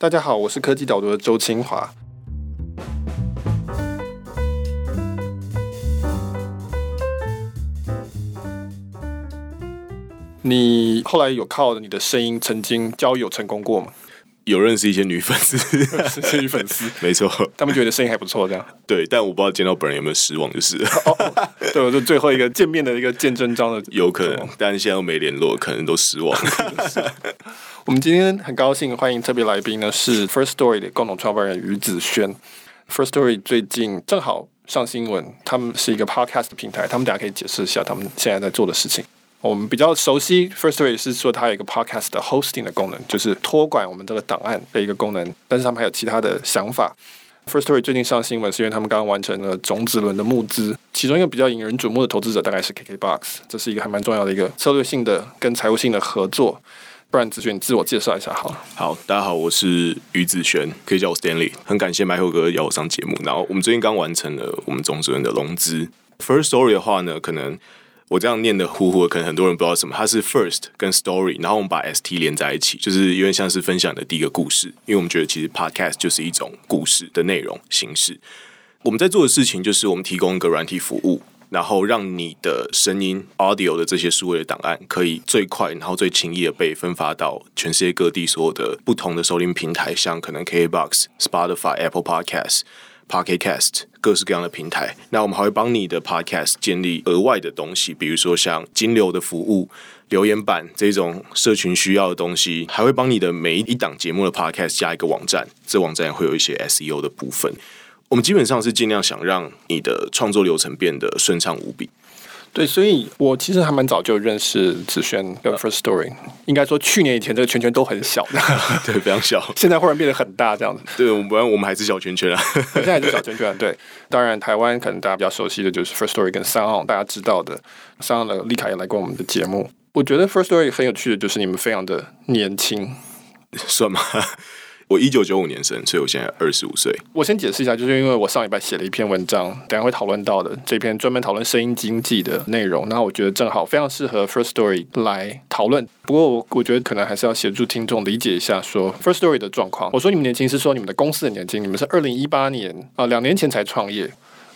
大家好，我是科技島讀的周欽華。你後來有靠你的聲音曾經交友成功過嗎？有認識一些女粉絲，女粉絲， 沒錯錯，他們覺得聲音還不錯，這樣。 對，但我不知道見到本人有沒有失望，就是。 oh, oh, oh. 對，我就最後一個見面的一個見真章的，有可能，但現在又沒聯絡，可能都失望了。 我們今天很高興歡迎特別來賓呢，是 Firstory 的共同創辦人於子軒。Firstory 最近正好上新聞，他們是一個 podcast 的平台，他們等一下可以解釋一下他們現在在做的事情。我們比較熟悉 Firstory 是說它有一個 podcast hosting 的功能，就是托管我們這個檔案的一個功能。但是他們還有其他的想法。Firstory 最近上新聞是因為他們剛剛完成了種子輪的募資，其中一個比較引人矚目的投資者大概是 KKBOX，這是一個還蠻重要的一個策略性的跟財務性的合作。不然子軒，你自我介紹一下，好。好，大家好，我是於子軒，可以叫我 Stanley。很感謝白虎哥邀我上節目。然後我們最近剛完成了我們種子輪的融資。Firstory 的話呢，可能我這樣念得呼呼的糊糊，可能很多人不知道什麼。它是 first 跟 story，然後我們把 ST 連在一起，就是因為像是分享的第一個故事。因為我們覺得其實 podcast 就是一種故事的內容形式。我們在做的事情就是我們提供一個軟體服務。然後讓你的聲音 audio 的這些數位的檔案可以最快，然後最輕易的被分發到全世界各地所有的不同的收聽平台，像可能 k b o x Spotify、Apple Podcast、Pocket Cast 各式各樣的平台。那我們還會幫你的 Podcast 建立額外的東西，比如說像金流的服務、留言板這種社群需要的東西，還會幫你的每一一檔節目的 Podcast 加一個網站，這網站會有一些 SEO 的部分。我們基本上是盡量想讓你的創作流程變得順暢無比。對，所以我其實還蠻早就認識子軒跟 First Story，應該說去年以前這個圈圈都很小的， 對，非常小。現在忽然變得很大，這樣子。對，不然我們還是小圈圈啊， 現在還是小圈圈啊。對，當然台灣可能大家比較熟悉的就是 First Story 跟三號，大家知道的，三號的麗卡也來過我們的節目。我覺得 First Story 很有趣的就是你們非常的年輕，算嗎？我一九九五年生，所以我現在二十五歲。我先解釋一下，就是因為我上禮拜寫了一篇文章，等下會討論到的這篇專門討論聲音經濟的內容。那我覺得正好非常適合 Firstory 來討論。不過我，我覺得可能還是要協助聽眾理解一下說，說 Firstory 的狀況。我說你們年輕是說你們的公司的年輕，你們是二零一八年啊、呃，兩年前才創業。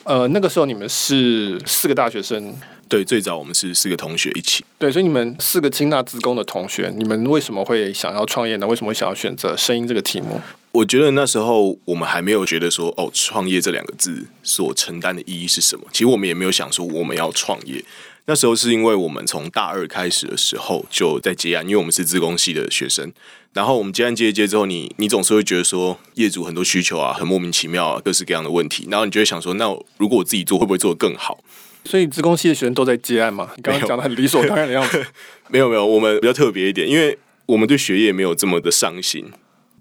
呃，那個時候你們是四個大學生。對，最早我們是四個同學一起。對，所以你們四個金納資工的同學，你們為什麼會想要創業呢？為什麼會想要選擇聲音這個題目？我覺得那時候我們還沒有覺得說，哦，創業這兩個字所承擔的意義是什麼。其實我們也沒有想說我們要創業。那時候是因為我們從大二開始的時候就在接案，因為我們是資工系的學生。然後我們接案接一接之後，你你總是會覺得說業主很多需求啊，很莫名其妙啊，各式各樣的問題。然後你就會想說，那如果我自己做，會不會做得更好？所以，資工系的學生都在接案嗎？你剛剛講的很理所當然的樣子。沒有， 沒有，沒有，我們比較特別一點，因為我們對學業沒有這麼的上心。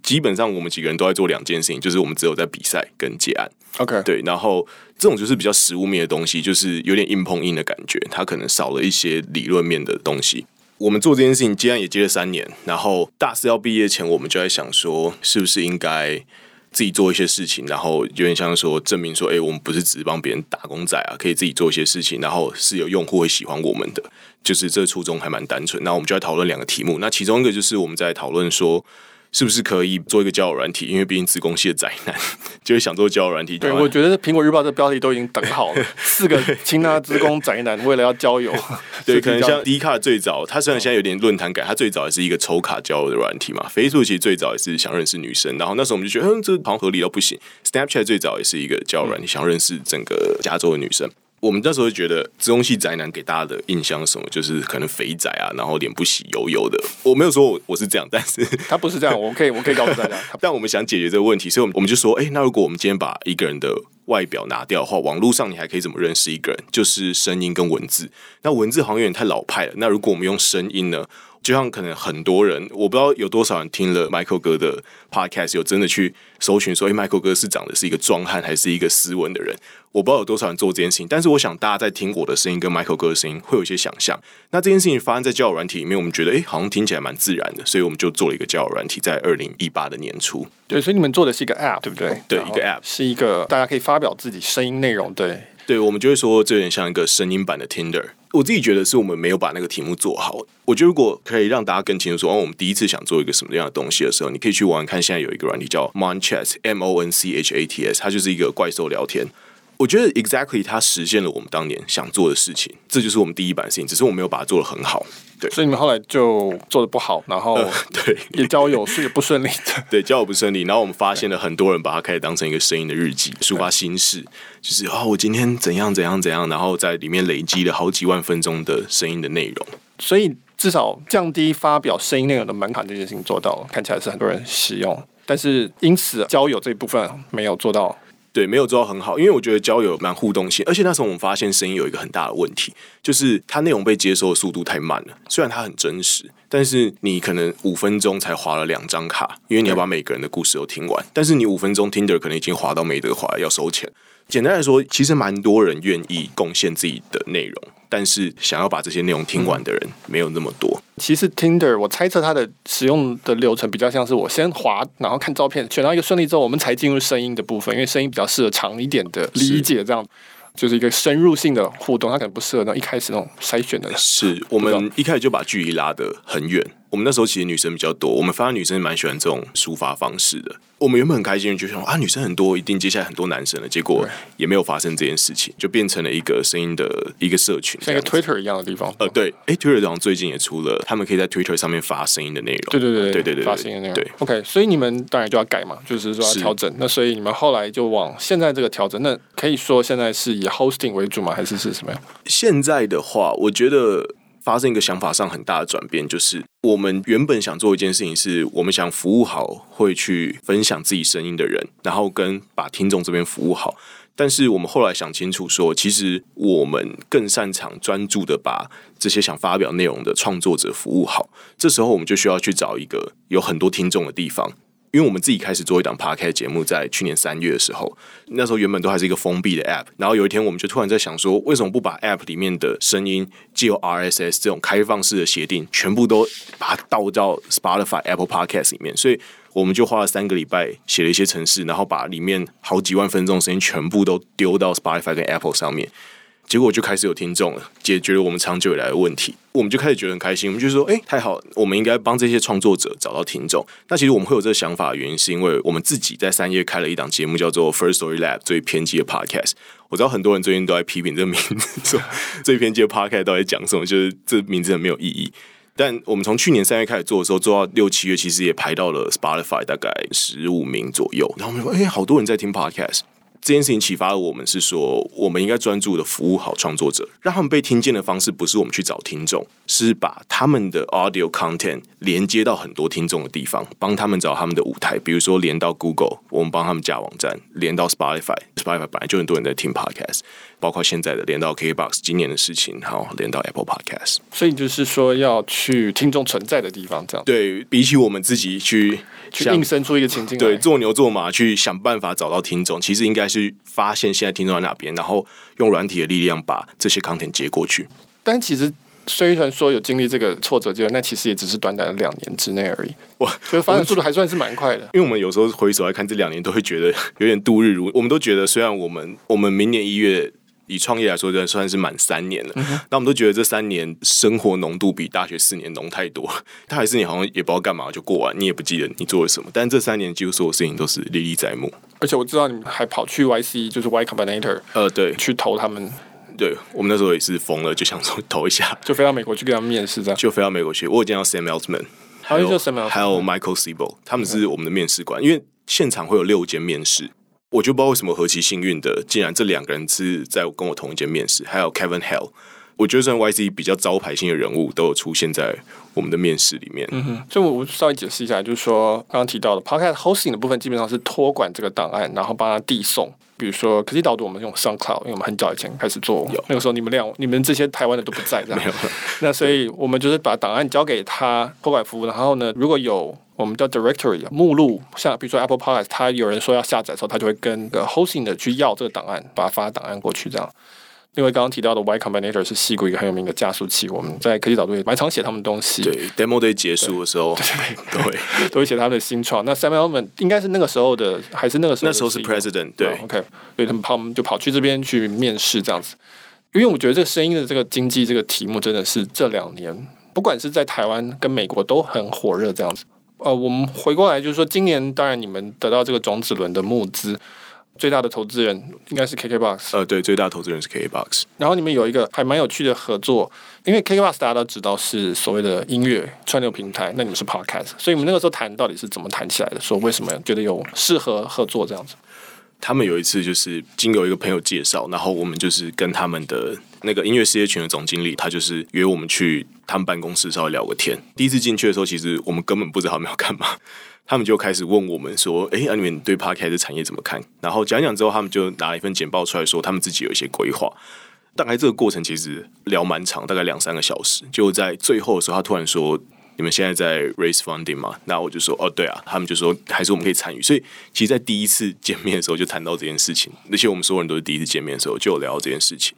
基本上，我們幾個人都在做兩件事情，就是我們只有在比賽跟接案。OK，對，然後這種就是比較實務面的東西，就是有點硬碰硬的感覺，它可能少了一些理論面的東西。我們做這件事情接案也接了三年，然後大四要畢業前，我們就在想說，是不是應該。自己做一些事情，然後有點像說證明說，哎、欸，我們不是只是幫別人打工仔啊，可以自己做一些事情，然後是有用戶會喜歡我們的，就是這初衷還蠻單純。那我們就要討論兩個題目，那其中一個就是我們在討論說。是不是可以做一個交友軟體？因為畢竟資工系的宅男就會想做交友軟體。對，我覺得《蘋果日報》這標題都已經等好了， 四個清大資工宅男為了要交友。以以交友對，可能像 Dcard 最早，它雖然現在有點論壇感，它最早也是一個抽卡交友的軟體嘛。Facebook 其實最早也是想認識女生，然後那時候我們就覺得，嗯，這好像合理到不行。Snapchat 最早也是一個交友軟體，嗯、想認識整個加州的女生。我們那時候覺得，中系宅男給大家的印象是什麼，就是可能肥宅啊，然後臉不洗油油的。我沒有說我是這樣，但是他不是這樣，我可以我可以告訴大家。 但我們想解決這個問題，所以我們就說，哎、欸，那如果我們今天把一個人的外表拿掉的話，網絡上你還可以怎麼認識一個人？就是聲音跟文字。那文字好像有點太老派了。那如果我們用聲音呢？就像可能很多人，我不知道有多少人聽了 Michael 哥的 Podcast，有真的去搜尋說，哎，Michael 哥是長得是一個壯漢還是一個斯文的人？我不知道有多少人做這件事情，但是我想大家在聽我的聲音跟 Michael 哥的聲音會有一些想象。那這件事情發生在交友軟體裡面，我們覺得哎，好像聽起來蠻自然的，所以我們就做了一個交友軟體，在二零一八的年初。對，對，所以你們做的是一個 App，對不對？對，然後，對，一個 App 是一個大家可以發表自己聲音內容。對，對，我們就會說，這有點像一個聲音版的 Tinder。我自己覺得是我們沒有把那個題目做好。我覺得如果可以讓大家更清楚說，哦，我們第一次想做一個什麼樣的東西的時候，你可以去玩玩看。現在有一個軟體叫 Monchats M, est, M O N C H A T S，它就是一個怪獸聊天。我覺得 exactly 它實現了我們當年想做的事情，這就是我們第一版的事情，只是我們沒有把它做得很好。對 所以你們後來就做得不好，然後對，也交友是不順利的， 的。對，交友不順利，然後我們發現了很多人把它開始當成一個聲音的日記，對 抒發心事，就是啊、哦、我今天怎樣怎樣怎樣，然後在裡面累積了好幾萬分鐘的聲音的內容。所以至少降低發表聲音內容的門檻這件事情做到了，看起來是很多人使用，但是因此交友這一部分沒有做到。對，沒有做到很好，因為我覺得交友蠻互動性，而且那時候我們發現聲音有一個很大的問題，就是它內容被接收的速度太慢了。雖然它很真實，但是你可能五分鐘才劃了兩張卡，因為你要把每個人的故事都聽完。嘿但是你五分鐘 Tinder 可能已經劃到沒得劃，要收錢。簡單來說，其實蠻多人願意貢獻自己的內容，但是想要把這些內容聽完的人沒有那麼多。其實 Tinder 我猜測它的使用的流程比較像是我先滑，然後看照片，選到一個順利之後，我們才進入聲音的部分，因為聲音比較適合長一點的理解，是這樣就是一個深入性的互動，它可能不適合那種一開始那種篩選的。是我們一開始就把距離拉得很遠。我們那時候其實女生比較多，我們發現女生也蠻喜歡這種抒發方式的。我們原本很開心的，就是，就說啊，女生很多，一定接下來很多男生了，結果也沒有發生這件事情，就變成了一個聲音的一個社群，像一個 Twitter 一樣的地方。呃，對，哎、欸、Twitter 好像最近也出了，他們可以在 Twitter 上面發聲音的內容。對對對對對對，對對對發聲音的內容。對 OK，所以你們當然就要改嘛，就是說要調整。是那所以你們後來就往現在這個調整，那可以說現在是以 Hosting 為主嘛，還是是什麼樣？現在的話，我覺得發生一個想法上很大的轉變，就是。我們原本想做一件事情，是我們想服務好會去分享自己聲音的人，然後跟把聽眾這邊服務好。但是我們後來想清楚說，說其實我們更擅長專注的把這些想發表內容的創作者服務好。這時候我們就需要去找一個有很多聽眾的地方。因為我們自己開始做一檔 podcast 節目，在去年三月的時候，那時候原本都還是一個封閉的 app，然後有一天我們就突然在想說，為什麼不把 app 裡面的聲音借由 RSS 這種開放式的協定，全部都把它倒到 Spotify、Apple Podcast 裡面？所以我們就花了三個禮拜寫了一些程式，然後把裡面好幾萬分鐘的聲音全部都丟到 Spotify 跟 Apple 上面。結果就開始有聽眾，解決了我們長久以來的問題，我們就開始覺得很開心。我們就說，哎、欸，太好了，我們應該幫這些創作者找到聽眾。那其實我們會有這個想法的原因，是因為我們自己在三月開了一檔節目，叫做 Firstory Lab，最偏激的 Podcast。我知道很多人最近都在批評這名字，說最偏激的 Podcast 到底講什麼，就是這名字很沒有意義。但我們從去年三月開始做的時候，做到六七月，其實也排到了 Spotify 大概十五名左右。然後我們說，哎、欸，好多人在聽 Podcast。這件事情啟發了我們，是說我們應該專注的服務好創作者，讓他們被聽見的方式不是我們去找聽眾，是把他們的 audio content 連接到很多聽眾的地方，幫他們找他們的舞台。比如說連到 Google，我們幫他們架網站；連到 Spotify，Spotify Sp 本來就很多人在聽 podcast。包括現在的連到 KBox，今年的事情，然後連到 Apple Podcast，所以就是說要去聽眾存在的地方，這樣對比起我們自己去去硬生出一個情境，對，做牛做馬去想辦法找到聽眾，其實應該是發現現在聽眾在哪邊，嗯、然後用軟體的力量把這些 content 接過去。但其實雖然說有經歷這個挫折階段，那其實也只是短短的兩年之內而已，哇我，就發展速度還算是蠻快的。因為我們有時候回首來看這兩年，都會覺得有點度日如，我們都覺得雖然我們我們明年一月。以創業來說，這算是滿三年了。那、嗯、哼我們都覺得這三年生活濃度比大學四年濃太多了。但還是你好像也不知道幹嘛就過完，你也不記得你做了什麼。但這三年幾乎所有事情都是歷歷在目。而且我知道你們還跑去 YC，就是 Y Combinator。呃，對，去投他們。對，我們那時候也是瘋了，就想說投一下，就飛到美國去跟他們面試，這樣就飛到美國去。我見到 Sam Altman 還有 Sam，、e、還有 Michael Seibel，他們是我們的面試官。嗯、因為現場會有六間面試。我就不知道為什麼，何其幸運的，竟然這兩個人是在跟我同一間面試，還有 Kevin Hale。我覺得算 YC 比較招牌性的人物都有出現在我們的面試裡面。嗯哼，所以我稍微解釋一下，就是說剛剛提到的 Podcast Hosting 的部分，基本上是托管這個檔案，然後幫他遞送。比如說，科技島讀我們用 SoundCloud，因為我們很早以前開始做，有那個時候你們兩、你們這些台灣的都不在，這樣。 了 那所以我們就是把檔案交給他托管服務，然後呢，如果有我們叫 Directory 目錄，像比如說 Apple Podcast，他有人說要下載的時候，他就會跟個 Hosting 的去要這個檔案，把他發檔案過去這樣。因為剛剛提到的 Y Combinator 是矽谷一個很有名的加速器，我們在科技島讀也蠻常寫他們的東西。對，對，Demo Day 結束的時候，對，對對 都會寫他們的新創。那 Sam Altman 應該是那個時候的，還是那個時候？那時候是 President，對、oh，OK，所以他們跑就跑去這邊去面試這樣子。因為我覺得這個聲音的這個經濟這個題目，真的是這兩年不管是在台灣跟美國都很火熱這樣子。呃，我們回過來就是說，今年當然你們得到這個種子輪的募資。最大的投資人應該是 KKBOX。呃，對，最大投資人是 KKBOX。然後你們有一個還蠻有趣的合作，因為 KKBOX 大家都知道是所謂的音樂串流平台，那你們是 Podcast，所以你們那個時候談到底是怎麼談起來的？說為什麼覺得有適合合作這樣子？他們有一次就是經由一個朋友介紹，然後我們就是跟他們的那個音樂事業群的總經理，他就是約我們去他們辦公室稍微聊個天。第一次進去的時候，其實我們根本不知道他們要幹嘛。他們就開始問我們說：“哎、啊，你們對 podcast 的產業怎麼看？”然後講一講之後，他們就拿了一份簡報出來，說他們自己有一些規劃。大概這個過程其實聊蠻長，大概兩三個小時。就在最後的時候，他突然說：“你們現在在 raise funding 嗎？”那我就說：“哦，對啊。”他們就說：“還是我們可以參與。”所以，其實，在第一次見面的時候就談到這件事情。那些我們所有人都是第一次見面的時候就有聊到這件事情。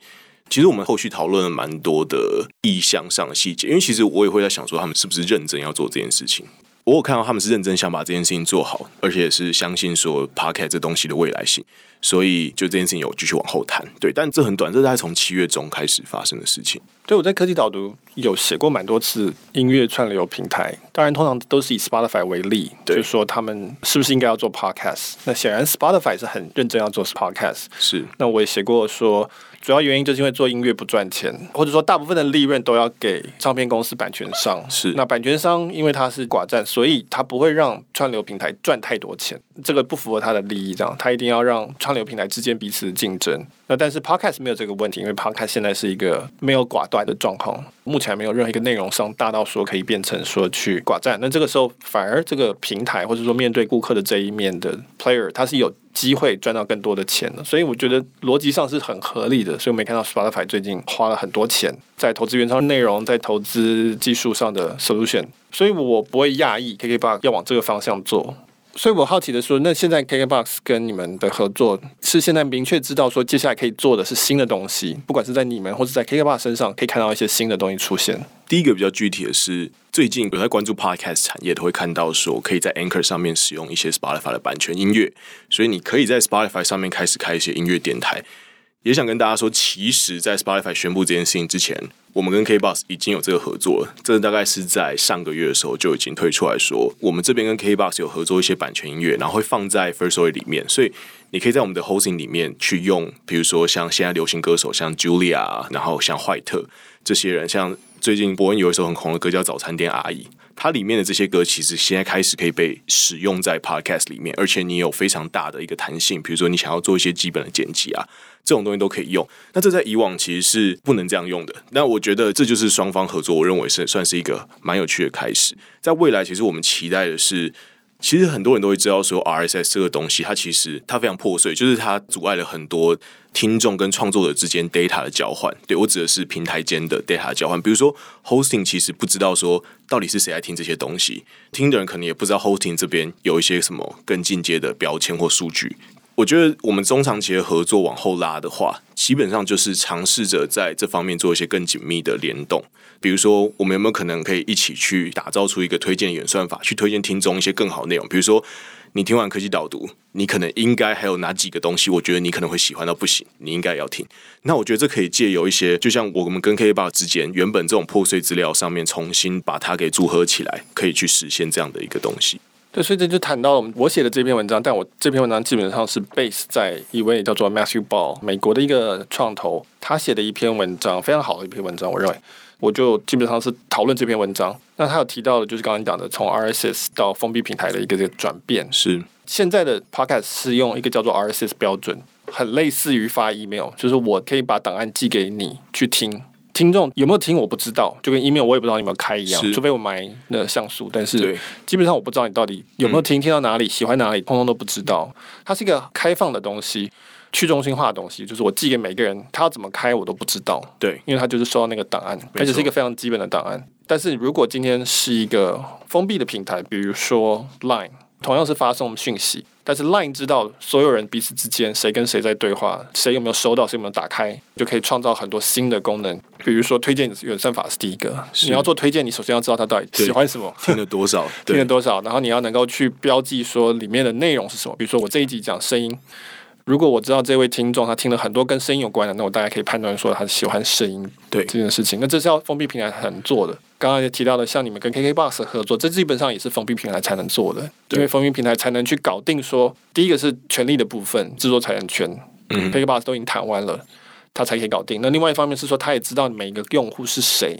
其實，我們後續討論了蠻多的意向上的細節，因為其實我也會在想，說他們是不是認真要做這件事情。我有看到他們是認真想把這件事情做好，而且也是相信說 podcast 這東西的未來性，所以就這件事情有繼續往後談。對，但這很短，這是在從七月中開始發生的事情。對，我在科技島讀有寫過蠻多次音樂串流平台，當然通常都是以 Spotify 為例，對就是說他們是不是應該要做 podcast。那顯然 Spotify 是很認真要做 podcast。是，那我也寫過說。主要原因就是因為做音樂不賺錢，或者說大部分的利潤都要給唱片公司版權商。是，那版權商因為他是寡占，所以他不會讓串流平台賺太多錢，這個不符合他的利益，這樣他一定要讓串流平台之間彼此競爭。那但是 Podcast 沒有這個問題，因為 Podcast 現在是一個沒有寡斷的狀況，目前還沒有任何一個內容商大到說可以變成說去寡占。那這個時候反而這個平台或者說面對顧客的這一面的 Player，它是有機會賺到更多的錢的，所以我覺得邏輯上是很合理的。所以我沒看到 Spotify 最近花了很多錢在投資原創內容，在投資技術上的 Solution，所以我不會訝異 KKBOX 要往這個方向做。所以，我好奇的說，那現在 KKBOX 跟你們的合作，是現在明確知道說，接下來可以做的是新的東西，不管是在你們或者在 KKBOX 身上，可以看到一些新的東西出現。第一個比較具體的是，最近有在關注 Podcast 產業，都會看到說，可以在 Anchor 上面使用一些 Spotify 的版權音樂，所以你可以在 Spotify 上面開始開一些音樂電台。也想跟大家說，其實，在 Spotify 宣布這件事情之前，我們跟 KKBOX 已經有這個合作了。這個、大概是在上個月的時候就已經推出來說，我們這邊跟 KKBOX 有合作一些版權音樂，然後會放在 Firstory 裡面。所以你可以在我們的 Hosting 裡面去用，比如說像現在流行歌手，像 Julia，然後像壞特這些人，像最近博恩有一首很紅的歌叫《早餐店阿姨》，它裡面的這些歌其實現在開始可以被使用在 Podcast 裡面，而且你有非常大的一個彈性。比如說你想要做一些基本的剪輯啊。這種東西都可以用，那這在以往其實是不能這樣用的。那我覺得這就是雙方合作，我認為是算是一個蠻有趣的開始。在未來，其實我們期待的是，其實很多人都會知道說，RSS 這個東西，它其實它非常破碎，就是它阻礙了很多聽眾跟創作者之間 data 的交換。對，我指的是平台間的 data 交換，比如說 hosting 其實不知道說到底是誰在聽這些東西，聽的人可能也不知道 hosting 這邊有一些什麼更進階的標籤或數據。我覺得我們中長期的合作往後拉的話，基本上就是嘗試着在這方面做一些更緊密的聯動。比如說，我們有沒有可能可以一起去打造出一個推薦的演算法，去推薦聽眾一些更好內容？比如說，你聽完科技島讀，你可能應該還有哪幾個東西？我覺得你可能會喜歡到不行，你應該要聽。那我覺得這可以借由一些，就像我們跟 K8 之間原本這種破碎資料上面，重新把它給組合起來，可以去實現這樣的一個東西。對，所以這就談到了我寫的這篇文章，但我這篇文章基本上是 base 在一位叫做 Matthew Ball 美國的一個創投，他寫的一篇文章，非常好的一篇文章，我認為我就基本上是討論這篇文章。那他有提到的就是剛剛講的從 RSS 到封閉平台的一個這個轉變，是現在的 Podcast 是用一個叫做 RSS 標準，很類似於發 email，就是我可以把檔案寄給你去聽。聽眾有沒有聽我不知道，就跟 email 我也不知道有沒有開一樣，除非是我買那個像素，但是基本上我不知道你到底有沒有聽，嗯、聽到哪裡，喜歡哪裡，通通都不知道。它是一個開放的東西，去中心化的東西，就是我寄給每個人，他要怎麼開我都不知道。對，因為他就是收到那個檔案，錯而且是一個非常基本的檔案。但是如果今天是一個封閉的平台，比如說 Line。同樣是發送訊息，但是 Line 知道所有人彼此之間誰跟誰在對話，誰有沒有收到，誰有沒有打開，就可以創造很多新的功能。比如說推薦演算法是第一個，是你要做推薦，你首先要知道他到底喜歡什麼，對 聽了多少， 對聽了多少，然後你要能夠去標記說裡面的內容是什麼。比如說我這一集講聲音。如果我知道這位聽眾他聽了很多跟聲音有關的，那我大概可以判斷說他喜歡聲音對這件事情。對那這是要封閉平台才能做的。剛剛也提到的，像你們跟 KKBOX 合作，這基本上也是封閉平台才能做的，對因為封閉平台才能去搞定說。說第一個是權利的部分，著作財產權，嗯哼，KKBOX 都已經談完了，他才可以搞定。那另外一方面是說，他也知道每一個用戶是誰，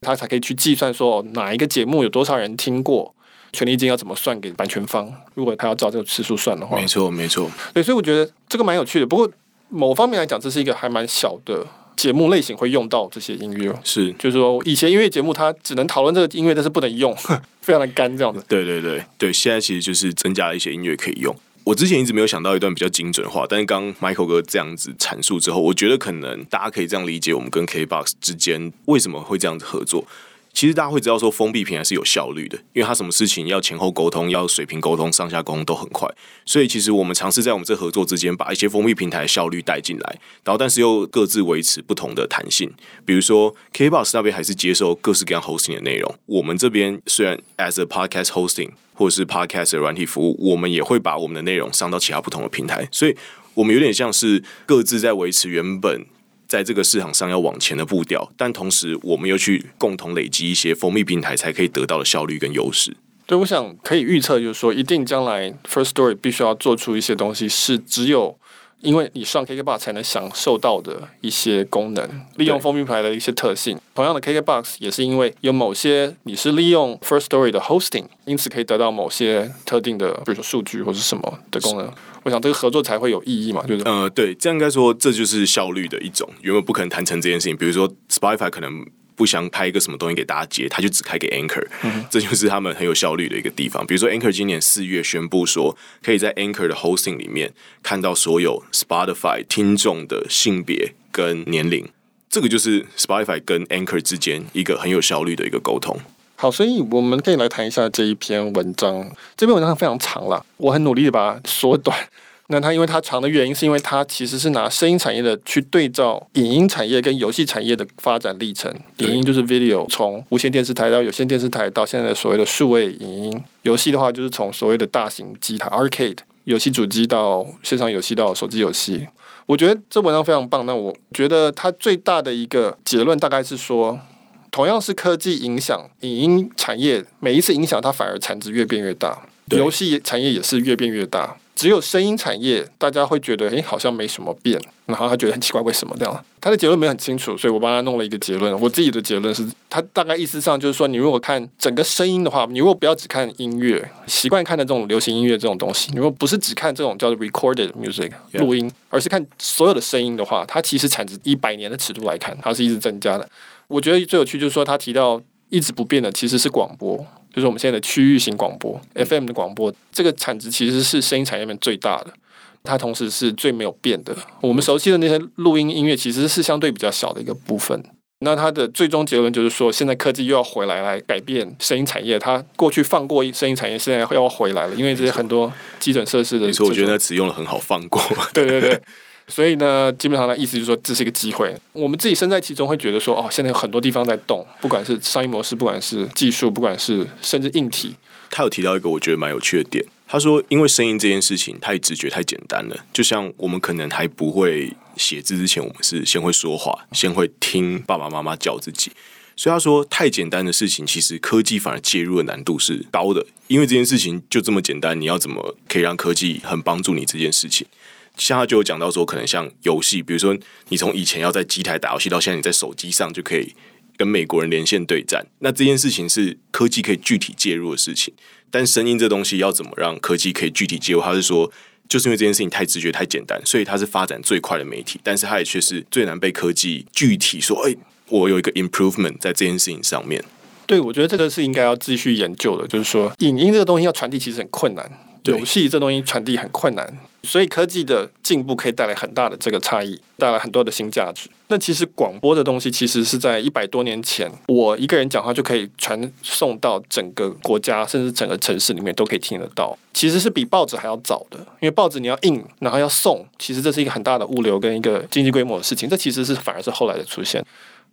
他才可以去計算說、哦、哪一個節目有多少人聽過。權利金要怎麼算給版權方？如果他要照這個次數算的話，沒錯，沒錯。對，所以我覺得這個蠻有趣的。不過某方面來講，這是一個還蠻小的節目類型會用到這些音樂，是就是說以前音樂節目它只能討論這個音樂，但是不能用， 非常的乾這樣子。 對，對，對，對。現在其實就是增加了一些音樂可以用。我之前一直沒有想到一段比較精準的話，但是剛 Michael 哥這樣子闡述之後，我覺得可能大家可以這樣理解我們跟 KBox 之間為什麼會這樣子合作。其實大家會知道說，封閉平台是有效率的，因為它什麼事情要前後溝通、要水平溝通、上下溝通都很快。所以其實我們嘗試在我們這合作之間，把一些封閉平台的效率帶進來，然後但是又各自維持不同的彈性。比如說，KBox 那邊還是接受各式各樣 Hosting 的內容，我們這邊雖然 as a podcast hosting 或者是 podcast 的軟體服務，我們也會把我們的內容上到其他不同的平台，所以我們有點像是各自在維持原本。在這個市場上要往前的步調，但同時我們又去共同累積一些封閉平台才可以得到的效率跟優勢。對，我想可以預測，就是說，一定將來 Firstory 必須要做出一些東西，是只有。因為你上 KKBox 才能享受到的一些功能，利用封面牌的一些特性。對同樣的，KKBox 也是因為有某些你是利用 First Story 的 hosting，因此可以得到某些特定的，比如說數據或是什麼的功能。是我想這個合作才會有意義嘛，就是呃，對，這樣應該說這就是效率的一種。原本不可能談成這件事情，比如說 Spotify 可能。不想拍一個什麼東西給大家接，他就只開給 Anchor，嗯哼，這就是他們很有效率的一個地方。比如說 Anchor 今年四月宣布說，可以在 Anchor 的 Hosting 裡面看到所有 Spotify 聽眾的性別跟年齡，這個就是 Spotify 跟 Anchor 之間一個很有效率的一個溝通。好，所以我們可以來談一下這一篇文章。這篇文章非常長了，我很努力的把它縮短。那它因為它長的原因，是因為它其實是拿聲音產業的去對照影音產業跟遊戲產業的發展歷程。對影音就是 video，從無線電視台到有線電視台，到現在的所謂的數位影音。遊戲的話，就是從所謂的大型機台 arcade 遊戲主機到線上遊戲到手機遊戲。我覺得這文章非常棒。那我覺得它最大的一個結論大概是說，同樣是科技影響影音產業，每一次影響它反而產值越變越大，對遊戲產業也是越變越大。只有聲音產業，大家會覺得誒，好像沒什麼變，然後他覺得很奇怪，為什麼這樣？他的結論沒有很清楚，所以我幫他弄了一個結論。我自己的結論是，他大概意思上就是說，你如果看整個聲音的話，你如果不要只看音樂，習慣看的這種流行音樂這種東西，你如果不是只看這種叫做 recorded music 錄音，而是看所有的聲音的話，它其實產值一百年的尺度來看，它是一直增加的。我覺得最有趣就是說，他提到。一直不變的其實是廣播，就是我們現在的區域型廣播、嗯、FM 的廣播，這個產值其實是聲音產業裡面最大的，它同時是最沒有變的。我們熟悉的那些錄音音樂其實是相對比較小的一個部分。那它的最終結論就是說，現在科技又要回來來改變聲音產業，它過去放過一聲音產業，現在又要回來了，因為這些很多基準設施的。你說錯種，我覺得那詞用了很好，放過。 對，對對對。 所以呢，基本上的意思就是說，這是一個機會。我們自己身在其中，會覺得說，哦，現在有很多地方在動，不管是商業模式，不管是技術，不管是甚至硬體。他有提到一個我覺得蠻有趣的點，他說，因為聲音這件事情太直覺、太簡單了，就像我們可能還不會寫字之前，我們是先會說話，先會聽爸爸媽媽叫自己。所以他說，太簡單的事情，其實科技反而介入的難度是高的，因為這件事情就這麼簡單，你要怎麼可以讓科技很幫助你這件事情？像他就有講到說，可能像遊戲，比如說你從以前要在機台打遊戲，到現在你在手機上就可以跟美國人連線對戰。那這件事情是科技可以具體介入的事情，但聲音這東西要怎麼讓科技可以具體介入？他是說，就是因為這件事情太直覺、太簡單，所以它是發展最快的媒體，但是它也卻是最難被科技具體說。哎、欸，我有一個 improvement 在這件事情上面。對，我覺得這個是應該要繼續研究的，就是說，影音這個東西要傳遞其實很困難。遊戲對這東西傳遞很困難，所以科技的進步可以帶來很大的這個差異，帶來很多的新價值。那其實廣播的東西其實是，在一百多年前，我一個人講話就可以傳送到整個國家甚至整個城市裡面都可以聽得到。其實是比報紙還要早的，因為報紙你要印，然後要送，其實這是一個很大的物流跟一個經濟規模的事情。這其實是反而是後來的出現。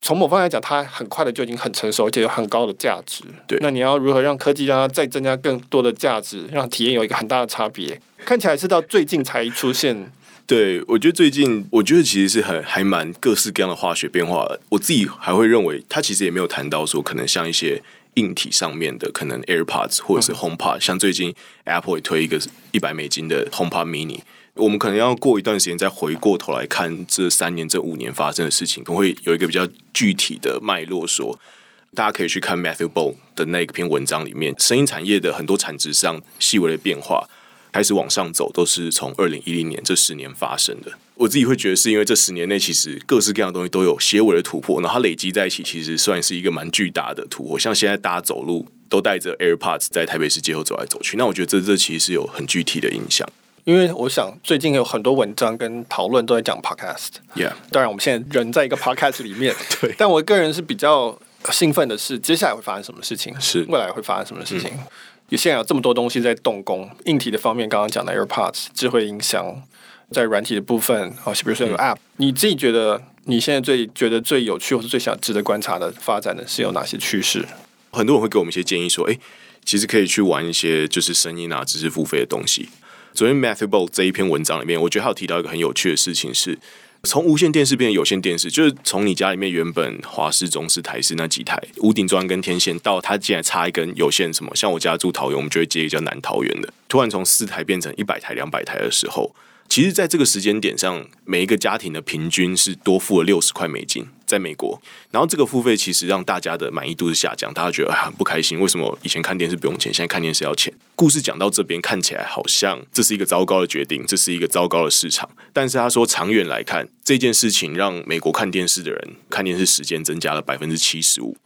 從某方面來講，它很快的就已經很成熟，而且有很高的價值。對，那你要如何讓科技讓它再增加更多的價值，讓體驗有一個很大的差別？看起來是到最近才出現。對，我覺得最近，我覺得其實是很還蠻各式各樣的化學變化的。我自己還會認為，它其實也沒有談到說，可能像一些硬體上面的，可能 AirPods 或者是 HomePod，嗯，像最近 Apple 也推一個一百美金的 HomePod Mini。我們可能要過一段時間再回過頭來看這三年、這五年發生的事情，可能會有一個比較具體的脈絡說。說大家可以去看 Matthew Ball 的那篇文章裡面，聲音產業的很多產值上細微的變化開始往上走，都是從二零一零年這十年發生的。我自己會覺得，是因為這十年內其實各式各樣的東西都有些微的突破，然後它累積在一起，其實算是一個蠻巨大的突破。像現在大家走路都帶着 AirPods，在台北市街頭走來走去，那我覺得這這其實是有很具體的影響。因為我想，最近有很多文章跟討論都在講 podcast。Yeah，當然我們現在人在一個 podcast 裡面。 對，但我個人是比較興奮的是，接下來會發生什麼事情？是，未來會發生什麼事情？你、嗯、現在有這麼多東西在動工，硬體的方面剛剛講的 AirPods、智慧音箱，在軟體的部分，哦，比如說有,有 App、嗯。你自己覺得你現在最覺得最有趣或是最想值得觀察的發展的是有哪些趨勢、嗯？很多人會給我們一些建議，說，哎、欸，其實可以去玩一些就是聲音啊，知識付費的東西。昨天《Matthew Ball》這一篇文章裡面，我覺得他有提到一個很有趣的事情是，是從無線電視變成有線電視，就是從你家裡面原本華視、中視、台視那幾台屋頂磚跟天線，到它竟然插一根有線什麼，像我家住桃園，我們就會接一個叫南桃園的，突然從四台變成一百台、兩百台的時候。其實在這個時間點上，每一個家庭的平均是多付了六十塊美金，在美國。然後這個付費其實讓大家的滿意度是下降，大家覺得很、啊、不開心。為什麼以前看電視不用錢，現在看電視要錢？故事講到這邊，看起來好像這是一個糟糕的決定，這是一個糟糕的市場。但是他說，長遠來看，這件事情讓美國看電視的人看電視時間增加了百分之七十五。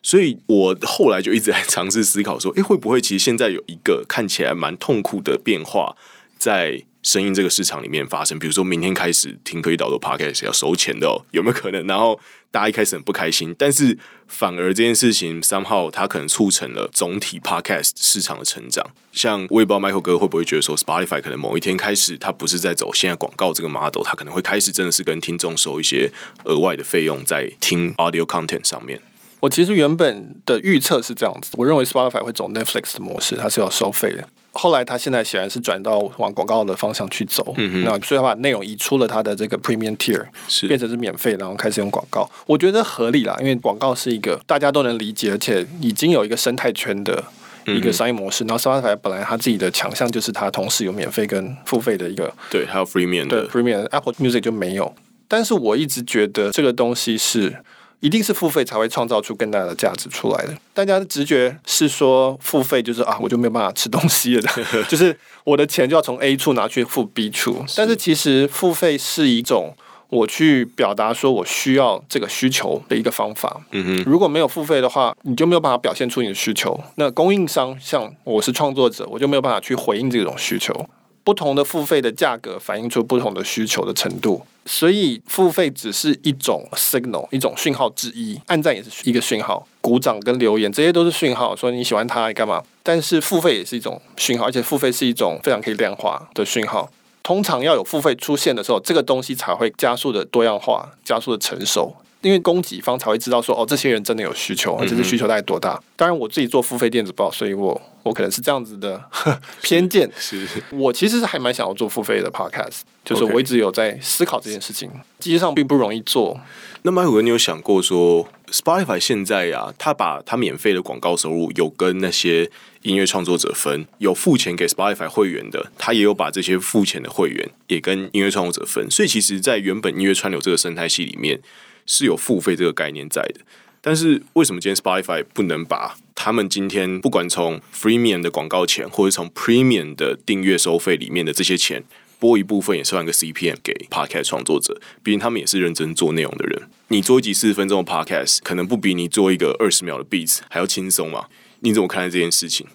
所以我後來就一直在嘗試思考說，哎，會不會其實現在有一個看起來蠻痛苦的變化在？聲音這個市場裡面發生，比如說明天開始聽科技島讀的 podcast 要收錢的哦，有沒有可能？然後大家一開始很不開心，但是反而這件事情 somehow 它可能促成了總體 podcast 市場的成長。像我也不知道 Michael 哥會不會覺得說 Spotify 可能某一天開始它不是在走現在廣告這個 model，它可能會開始真的是跟聽眾收一些額外的費用在聽 audio content 上面。我其實原本的預測是這樣子，我認為 Spotify 會走 Netflix 的模式，它是要收費的。後來他現在顯然是轉到往廣告的方向去走，嗯、哼那所以他把內容移出了他的這個 Premium Tier，是變成是免費，然後開始用廣告，我覺得合理啦，因為廣告是一個大家都能理解，而且已經有一個生態圈的一個商業模式。嗯、哼然後 Spotify、嗯、本來他自己的強項就是他同時有免費跟付費的一個，對，還有 Premium，對 Premium，Apple of. Music 就沒有。但是我一直覺得這個東西是。一定是付費才會創造出更大的價值出來的。大家的直覺是說付費就是啊，我就沒有辦法吃東西了，就是我的錢就要從 A 處拿去付 B 處。但是其實付費是一種我去表達說我需要這個需求的一個方法。嗯哼，如果沒有付費的話，你就沒有辦法表現出你的需求。那供應商像我是創作者，我就沒有辦法去回應這種需求。不同的付費的價格反映出不同的需求的程度，所以付費只是一種 signal，一種訊號之一。按讚也是一個訊號，鼓掌跟留言這些都是訊號，說你喜歡他，幹嘛？但是付費也是一種訊號，而且付費是一種非常可以量化的訊號。通常要有付費出現的時候，這個東西才會加速的多樣化，加速的成熟。因為供給方才會知道說哦，這些人真的有需求，而且是需求大概多大。嗯、哼當然，我自己做付費電子報，所以我我可能是這樣子的呵呵是偏見。是，我其實是還蠻想要做付費的 podcast，就是我一直有在思考這件事情，實際 Okay 上並不容易做。那麼，艾文，你有想過說，Spotify 現在呀、啊，他把他免費的廣告收入有跟那些音樂創作者分，有付錢給 Spotify 會員的，他也有把這些付錢的會員也跟音樂創作者分。所以，其實，在原本音樂串流這個生態系裡面。是有付費這個概念在的，但是為什麼今天 Spotify 不能把他們今天不管從 freemium 的廣告錢，或者從 Premium 的訂閱收費裡面的這些錢，撥一部分也算個 CPM 給 Podcast 創作者？畢竟他們也是認真做內容的人。你做一集四十分鐘的 Podcast，可能不比你做一個二十秒的 beats 還要輕鬆嗎？你怎麼看待這件事情？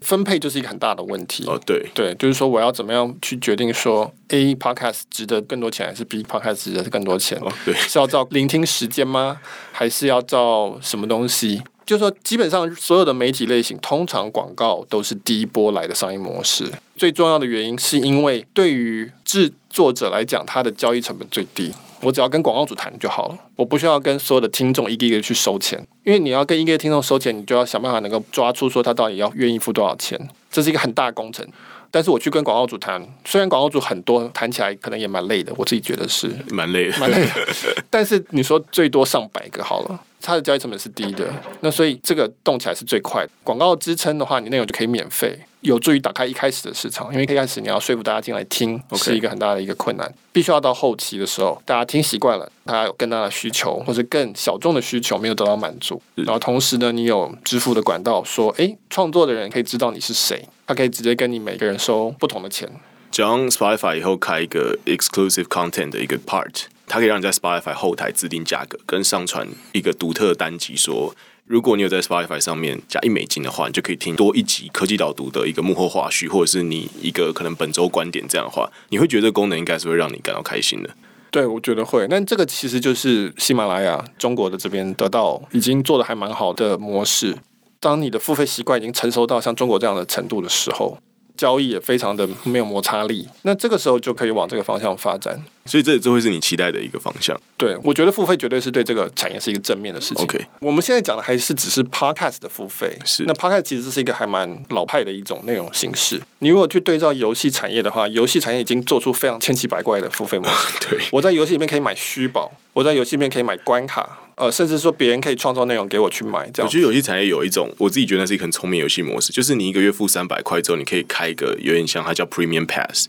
分配就是一個很大的問題。哦，oh, 對，對，就是說我要怎麼樣去決定說 A podcast 值得更多錢，還是 B podcast 值得更多錢？哦，oh, 對，是要照聆聽時間嗎？還是要照什麼東西？就是說，基本上所有的媒體類型，通常廣告都是第一波來的商業模式。最重要的原因是因為對於制作者來講，它的交易成本最低。我只要跟廣告主談就好了，我不需要跟所有的聽眾一個一個去收錢，因為你要跟一個一個聽眾收錢，你就要想辦法能夠抓出說他到底要願意付多少錢，這是一個很大的工程。但是我去跟廣告主談，雖然廣告主很多，談起來可能也蠻累的，我自己覺得是蠻累的，蠻累的。 但是你說最多上百個好了，它的交易成本是低的，那所以這個動起來是最快的。廣告支撐的話，你內容就可以免費。有助於打開一開始的市場，因為一開始你要說服大家進來聽，Okay. 是一個很大的一個困難。必須要到後期的時候，大家聽習慣了，大家有更大的需求或者更小眾的需求沒有得到滿足，是然後同時呢，你有支付的管道，說，哎、欸，創作的人可以知道你是誰，他可以直接跟你每個人收不同的錢。講 Spotify 以後開一個 Exclusive Content 的一個 part，它可以讓你在 Spotify 後台自定價格，跟上傳一個獨特的單集說。如果你有在 Spotify 上面加一美金的話，你就可以聽多一集科技島讀的一個幕後花絮，或者是你一個可能本周觀點這樣的話，你會覺得功能應該是會讓你感到開心的。對，我覺得會。那這個其實就是喜馬拉雅中國的這邊得到已經做得還蠻好的模式。當你的付費習慣已經成熟到像中國這樣的程度的時候。交易也非常的沒有摩擦力，那這個時候就可以往這個方向發展，所以這也就會是你期待的一個方向。對，我覺得付費絕對是對這個產業是一個正面的事情。OK，我們現在講的還是只是 Podcast 的付費，是那 Podcast 其實是一個還蠻老派的一種內容形式。你如果去對照遊戲產業的話，遊戲產業已經做出非常千奇百怪的付費模式。 對，我在遊戲裡面可以買虛寶。我在遊戲面可以買關卡，呃，甚至說別人可以創作內容給我去買。這樣，我覺得遊戲產業有一種，我自己覺得是一個很聰明遊戲模式，就是你一個月付三百塊之後，你可以開一個有點像它叫 Premium Pass，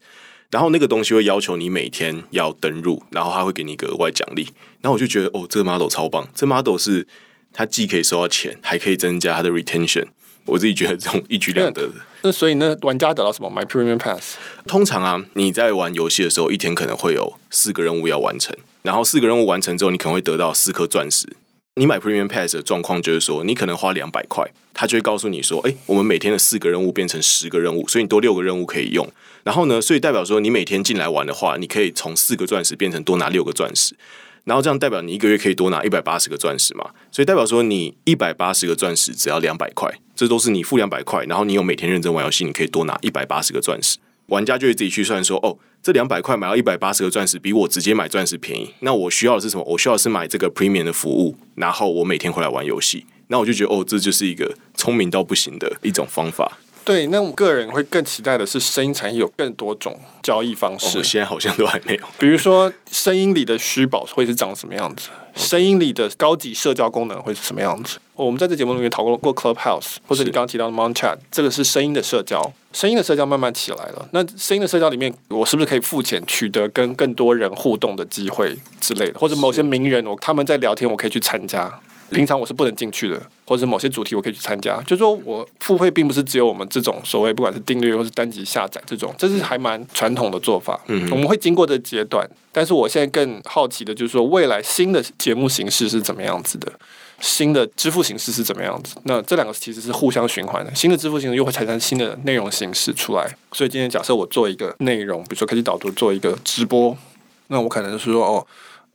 然後那個東西會要求你每天要登入，然後它會給你一個額外獎勵。然後我就覺得，哦，這個 model 超棒，這個 model 是它既可以收到錢，還可以增加它的 retention。我自己覺得這種一舉兩得的。那所以呢，玩家得到什麼？買 Premium Pass？通常啊，你在玩遊戲的時候，一天可能會有四個任務要完成。然後四個任務完成之後，你可能會得到四顆鑽石。你買 Premium Pass 的狀況就是說，你可能花兩百塊，他就會告訴你說，誒，我們每天的四個任務變成十個任務，所以你多六個任務可以用。然後呢，所以代表說，你每天進來玩的話，你可以從四個鑽石變成多拿六個鑽石。然後這樣代表你一個月可以多拿一百八十個鑽石嘛。所以代表說，你一百八十個鑽石只要兩百塊，這都是你付兩百塊，然後你有每天認真玩遊戲，你可以多拿一百八十個鑽石。玩家就會自己去算說，哦，這兩百塊買到一百八十個鑽石，比我直接買鑽石便宜。那我需要的是什麼？我需要的是買這個 premium 的服務，然後我每天回來玩遊戲。那我就覺得，哦，這就是一個聰明到不行的一種方法。對，那我個人會更期待的是，聲音產業有更多種交易方式。哦、現在好像都還沒有。比如說，聲音裡的虛寶會是長什麼樣子？ 聲音裡的高級社交功能會是什麼樣子？ oh, 我們在這節目裡面討論過 Clubhouse，是或者你剛剛提到的 Monchat，這個是聲音的社交。聲音的社交慢慢起來了。那聲音的社交裡面，我是不是可以付錢取得跟更多人互動的機會之類的？或者某些名人，是我他們在聊天，我可以去參加？平常我是不能進去的，或者是某些主題我可以去參加。就是說我付費並不是只有我們這種所謂不管是訂閱或是單集下載這種，這是還蠻傳統的做法。嗯嗯我們會經過這階段，但是我現在更好奇的就是說未來新的節目形式是怎麼樣子的，新的支付形式是怎麼樣子。那這兩個其實是互相循環的，新的支付形式又會產生新的內容形式出來。所以今天假設我做一個內容，比如說科技島讀，做一個直播，那我可能就是說哦，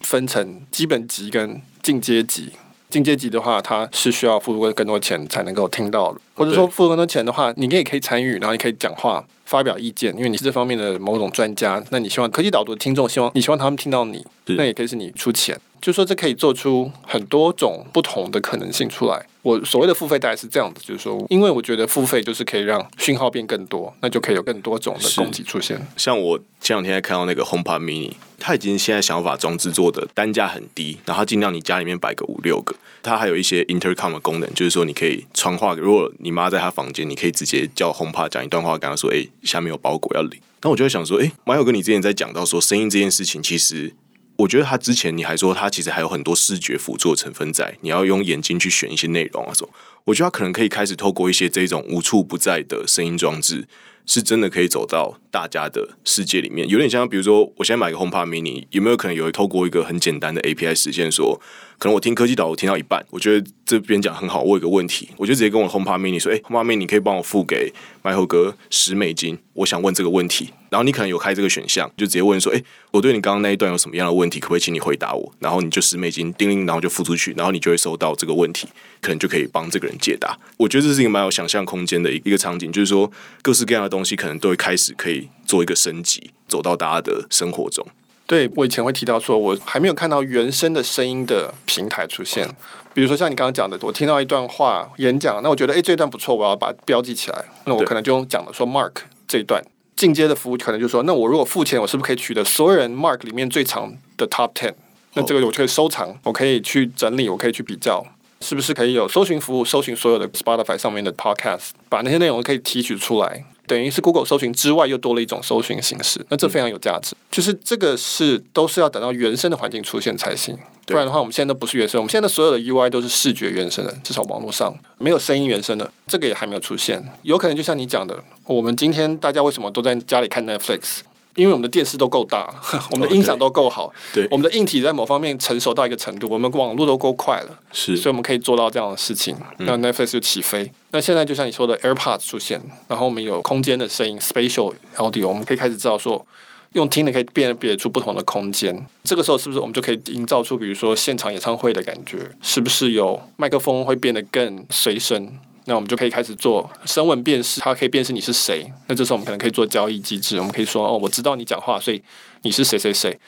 分成基本級跟進階級。進階級的話，它是需要付出更多錢才能夠聽到的，或者說付出更多錢的話，你也可以參與，然後也可以講話、發表意見，因為你是這方面的某種專家。那你希望科技島讀的聽眾希望你希望他們聽到你，是那也可以是你出錢。就說這可以做出很多種不同的可能性出來。我所謂的付費大概是這樣子，就是說，因為我覺得付費就是可以讓訊號變更多，那就可以有更多種的供給出現。像我前兩天看到那個 HomePod Mini，它已經現在想要把裝置做的單價很低，然後它盡量你家裡面擺個五六個，它還有一些 Intercom 的功能，就是說你可以傳話。如果你媽在她房間，你可以直接叫 HomePod 講一段話，跟她說：“哎，下面有包裹要領。”但我就在想說：“哎，馬友哥，你之前在講到說聲音這件事情，其實……”我覺得他之前，你還說他其實還有很多視覺輔助成分在，你要用眼睛去選一些內容啊什麼。我覺得他可能可以開始透過一些這種無處不在的聲音裝置，是真的可以走到大家的世界裡面。有點像，比如說，我現在買個 HomePod Mini，有沒有可能有會透過一個很簡單的 API 實現說？可能我聽科技島，我聽到一半，我覺得這邊講很好。我有個問題，我就直接跟我 HomePod Mini 說：“誒、欸、，HomePod Mini，你可以幫我付給麥侯哥十美金？我想問這個問題。然後你可能有開這個選項，就直接問說：誒、欸，我對你剛剛那一段有什麼樣的問題？可不可以請你回答我？然後你就十美金叮鈴，然後就付出去，然後你就會收到這個問題，可能就可以幫這個人解答。我覺得這是一個蠻有想象空間的一個場景，就是說各式各樣的東西可能都會開始可以做一個升級，走到大家的生活中。”對，我以前會提到說，我還沒有看到原生的聲音的平台出現。比如說像你剛剛講的，我聽到一段話演講，那我覺得哎，這一段不錯，我要把它標記起來。那我可能就講了說 mark 這一段。進階的服務可能就說，那我如果付錢，我是不是可以取得所有人 mark 裡面最長的 top ten？那這個我就可以收藏，我可以去整理，我可以去比較，是不是可以有搜尋服務，搜尋所有的 Spotify 上面的 podcast，把那些內容可以提取出來。等於是 Google 搜尋之外，又多了一種搜尋形式，那這非常有價值。嗯、就是這個是都是要等到原生的環境出現才行，對不然的話，我們現在都不是原生。我們現在所有的 UI 都是視覺原生的，至少網絡上沒有聲音原生的，這個也還沒有出現。有可能就像你講的，我們今天大家為什麼都在家裡看 Netflix？因為我們的電視都夠大，我們的音響都夠好，對，Okay, 我們的硬體在某方面成熟到一個程度，對我們的網絡都夠快了，是，所以我們可以做到這樣的事情。那 Netflix 就起飛。嗯。那現在就像你說的 AirPods 出現，然後我們有空間的聲音 Spatial Audio，我們可以開始知道說，用聽的可以辨別出不同的空間。這個時候是不是我們就可以營造出比如說現場演唱會的感覺？是不是有麥克風會變得更隨身？那我們就可以開始做聲紋辨識，它可以辨識你是誰。那這時候我們可能可以做交易機制，我們可以說哦，我知道你講話，所以你是誰誰誰。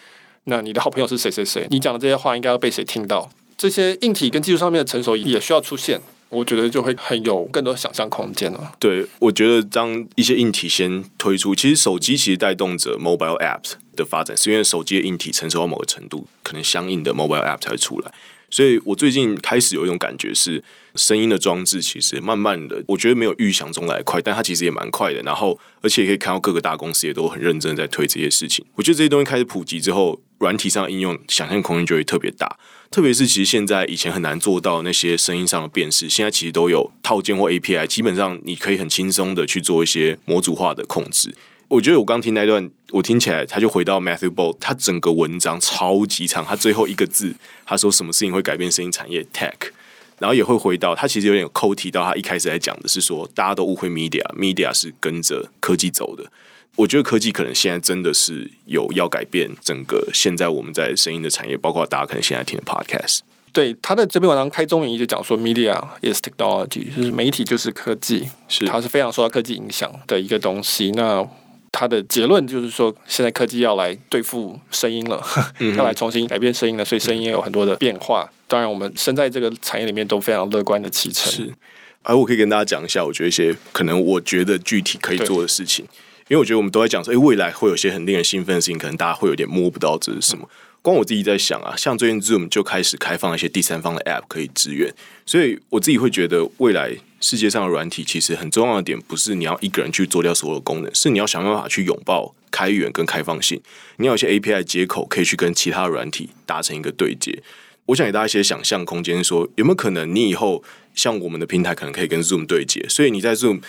那你的好朋友是誰誰誰？你講的這些話應該要被誰聽到？這些硬體跟技術上面的成熟也需要出現，我覺得就會很有更多想象空間了。對，我覺得當一些硬體先推出，其實手機其實帶動着 mobile app 的發展，是因為手機的硬體成熟到某個程度，可能相應的 mobile app 才會出來。所以我最近開始有一種感覺，是聲音的裝置其實慢慢的，我覺得沒有預想中來快，但它其實也蠻快的。然後，而且也可以看到各個大公司也都很認真在推這些事情。我覺得這些東西開始普及之後，軟體上的應用想象空間就會特別大。特別是其實現在以前很難做到那些聲音上的辨識，現在其實都有套件或 API，基本上你可以很輕鬆的去做一些模組化的控制。我覺得我剛聽那一段，我聽起來他就回到 Matthew Ball，他整個文章超級長，他最後一個字他說什麼事情會改變聲音產業 tech，然後也會回到他其實有點扣提到他一開始在講的是說大家都誤會 media media 是跟着科技走的，我覺得科技可能現在真的是有要改變整個現在我們在聲音的產業，包括大家可能現在聽的 podcast，對他的這篇文章開宗明義就講說 media is technology，Okay. 就是媒體就是科技，是它是非常受到科技影響的一個東西，那。他的結論就是說，現在科技要來對付聲音了， 嗯、哼要來重新改變聲音了，所以聲音也有很多的變化。當然，我們身在這個產業裡面都非常樂觀的啟程是。是，而、啊、我可以跟大家講一下，我覺得一些可能我覺得具體可以做的事情，對因為我覺得我們都在講說，哎、欸，未來會有些很令人興奮的事情，可能大家會有點摸不到這是什麼。嗯、光我自己在想啊，像最近 Zoom 就開始開放一些第三方的 App 可以支援，所以我自己會覺得未來。世界上的軟體其實很重要的點，不是你要一個人去做掉所有的功能，是你要想辦法去擁抱開源跟開放性。你要有一些 API 接口，可以去跟其他軟體達成一個對接。我想給大家一些想象空間，說有沒有可能，你以後像我們的平台可能可以跟 Zoom 對接？所以你在 Zoom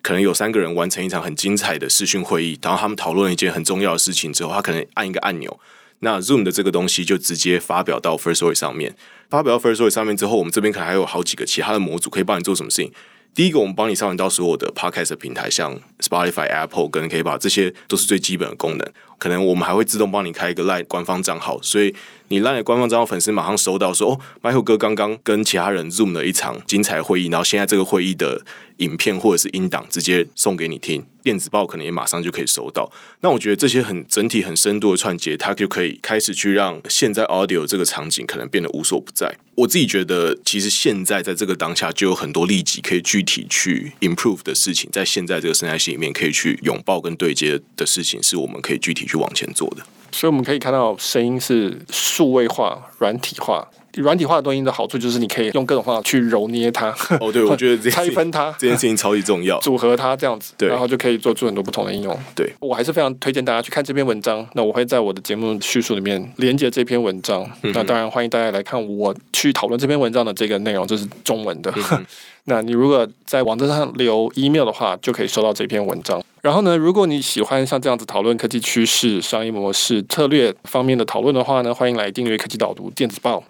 可能有三個人完成一場很精彩的視訊會議，然後他們討論一件很重要的事情之後，他可能按一個按鈕。那 Zoom 的這個東西就直接發表到 Firstory 上面，發表到 Firstory 上面之後，我們這邊可能還有好幾個其他的模組可以幫你做什麼事情。第一個，我們幫你上傳到所有的 Podcast 平台，像 Spotify、Apple 跟 KKBox，這些都是最基本的功能。可能我們還會自動幫你開一個 LINE 官方賬號，所以你 LINE 的官方賬號粉絲馬上收到說哦，Michael 哥剛剛跟其他人 Zoom 了一場精彩會議，然後現在這個會議的影片或者是音檔直接送給你聽，電子報可能也馬上就可以收到。那我覺得這些很整體、很深度的串接，它就可以開始去讓現在 Audio 這個場景可能變得無所不在。我自己覺得，其實現在在這個當下，就有很多利己可以具體去 improve 的事情，在現在這個生態系裡面可以去擁抱跟對接的事情，是我們可以具體去往前做的，所以我們可以看到，聲音是數位化、軟體化。軟體化的東西的好處就是，你可以用各種方法去揉捏它。哦，對，或 我覺得拆分它這件事情超級重要，組合它這樣子，對，然後就可以做出很多不同的應用。對，我還是非常推薦大家去看這篇文章。那我會在我的節目敘述裡面連接這篇文章。嗯、哼那當然，歡迎大家來看我去討論這篇文章的這個內容，這、就是中文的。嗯、哼那你如果在網站上留 email 的話，就可以收到這篇文章。然後呢，如果你喜歡像這樣子討論科技趨勢、商業模式、策略方面的討論的話呢，歡迎來訂閱《科技島讀》電子報。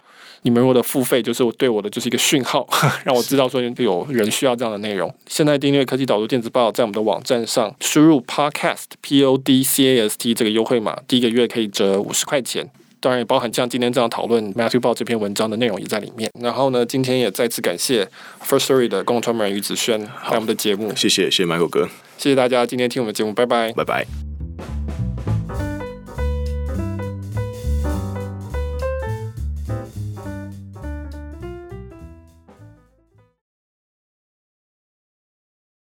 你們如果的付費，就是我對我的就是一個訊號呵呵，讓我知道說有人需要這樣的內容。是現在訂閱《科技島讀》電子報，在我們的網站上輸入 Podcast P O D C A S T 這個優惠碼，第一個月可以折五十塊錢。當然，也包含像今天這樣討論 Matthew Ball 這篇文章的內容也在裡面。然後呢，今天也再次感謝 First Story 的共同創辦人於子軒還有我們的節目。謝謝，謝謝 Michael 哥，謝謝大家今天聽我們節目，拜拜，拜拜。